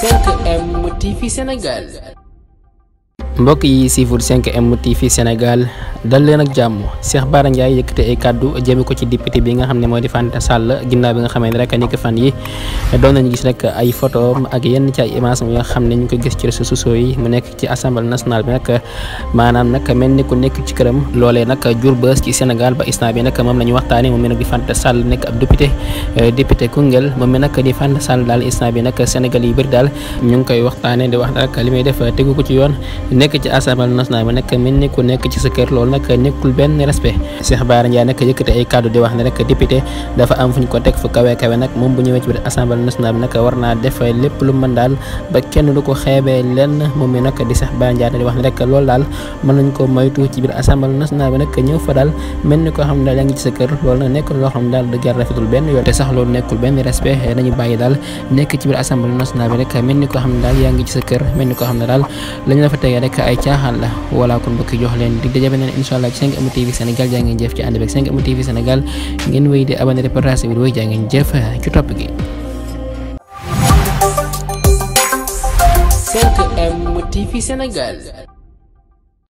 5M TV Sénégal mbokk yi siifur 5M TV Sénégal dal leen ak jàmm Cheikh Bara Ndiaye yëkkate ay kàddu jëme ko ci député bi nga xam ne mooy di Fanta Sall ginnaaw bi nga xamee ne rek ni ko fan yi doon gis rek ay photo ak yenn ci ay image yoo xam ne ñu ko gis ci réseaux sociaux yi mu nekk ci assemblée nationale bi nag maanaam nag mel ni nekk ci këram loolee nag jur bës ci Sénégal ba instant bi nag moom la ñu waxtaanee moom mi nag di Fanta Sall nekk ab député euh, député moom mi nag di Fanta Sall daal instant bi nag Sénégal yi bëri daal ñu ngi koy waxtaanee di wax rek li may def tegu ko ci yoon nekk ci assemblée nationale bi nag mel ni ku nekk ci sa kër loolu nag nekkul benn respect Cheikh Bara Ndiaye nag yëkkati ay kàddu di wax ne rek député dafa am fu ñu ko teg fu kawe kawe nag moom ci biir assemblée nationale bi nag war naa def lépp lu mën daal ba kenn du ko xeebee lenn moom mi nag di Cheikh Bara Ndiaye di wax sa kër loolu nag nekkul loo xam ne daal dëgg rafetul benn yoon nekk mel ni koo xam ne daal yaa ngi ci sa kër mel ni koo xam ne daal lañu la tegee rek nekk ay caaxaan la wala kon mbokki jox leen dig daje beneen incha ci 5 TV Sénégal jaa ngeen jëf ci ànd beeg 5M TV Sénégal ngeen wéy di abonné reportage bi jaa ngeen jëf ci topp gi.